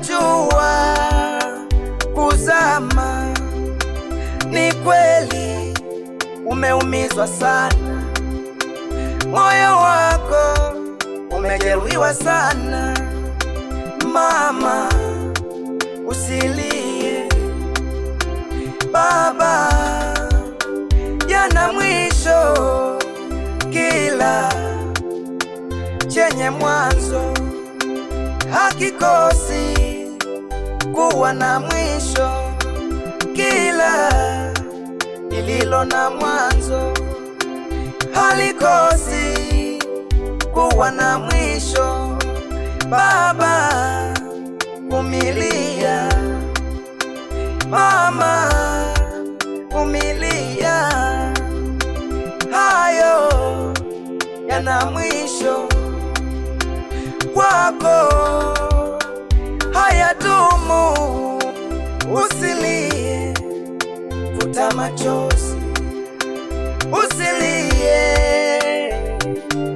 jua kuzama ni kweli, umeumizwa sana, moyo wako umejeruhiwa sana. Mama usilie, baba yana mwisho, kila chenye mwanzo hakikosi kuwa na mwisho, kila lililo na mwanzo halikosi kuwa na mwisho. Baba, umilia, Mama, umilia, hayo yana mwisho kwako Usilie, futa machozi, usilie,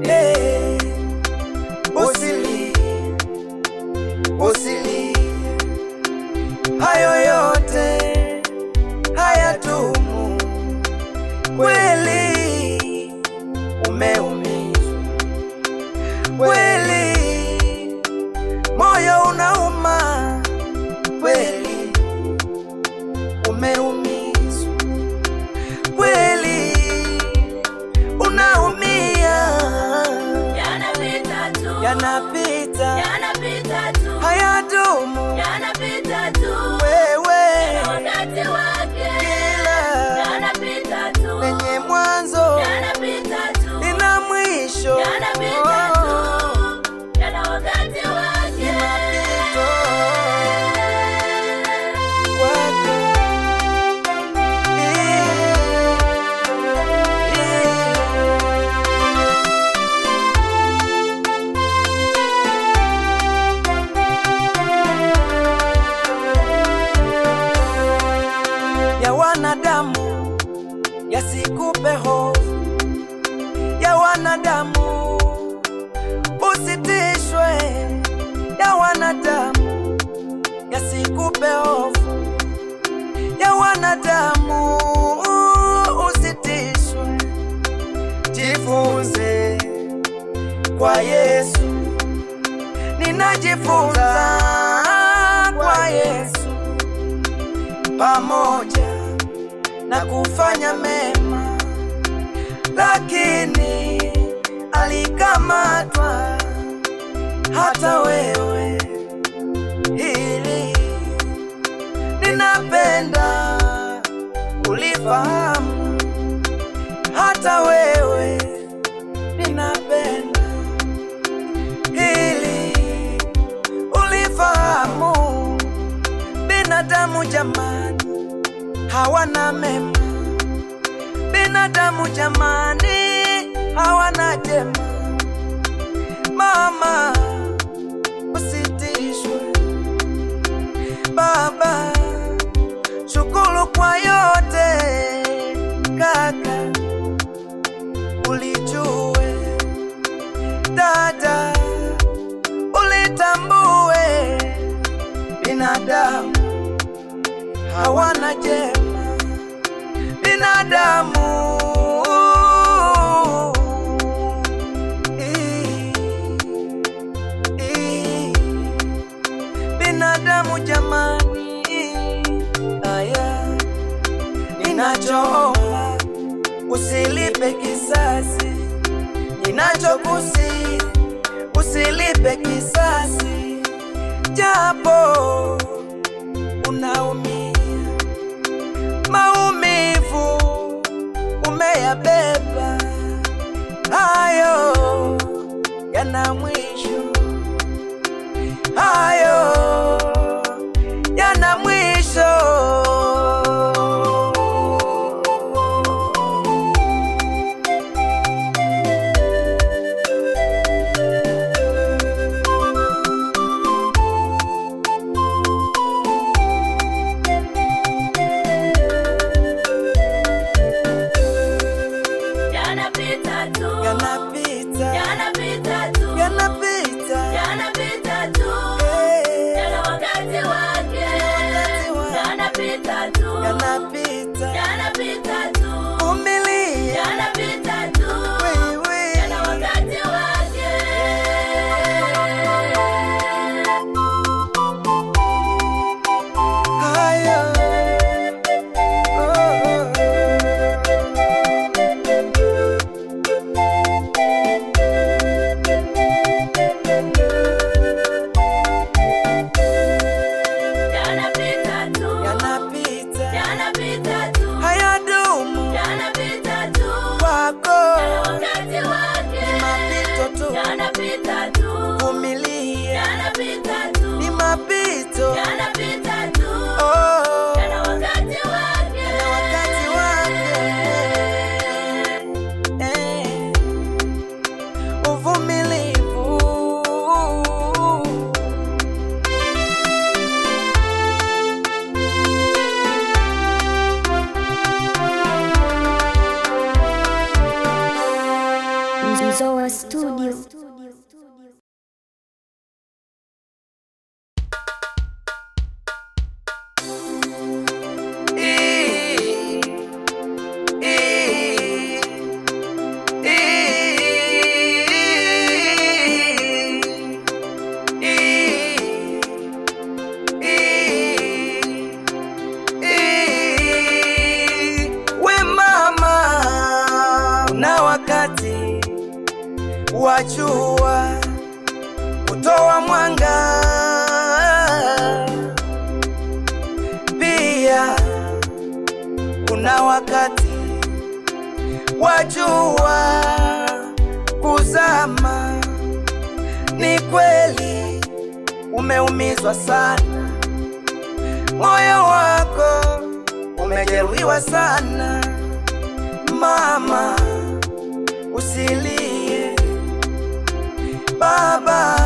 hey. Eh. Usilie, usilie, hayo wanadamu yasikupe hofu ya wanadamu, usitishwe ya wanadamu, yasikupe hofu ya wanadamu, usitishwe. Jifunze kwa Yesu, ninajifunza kwa Yesu pamoja na kufanya mema, lakini alikamatwa. Hata wewe hili ninapenda hawana mema. Binadamu jamani, hawana jema. Mama usitishwe, baba shukuru kwayo hawana jema binadamu binadamu jamani, aya ninachoomba usilipe kisasi, ninachokusi usilipe kisasi japo na wanna be jua kutoa mwanga, pia kuna wakati wa jua kuzama. Ni kweli umeumizwa sana, moyo wako umejeruhiwa sana, mama, usilie baba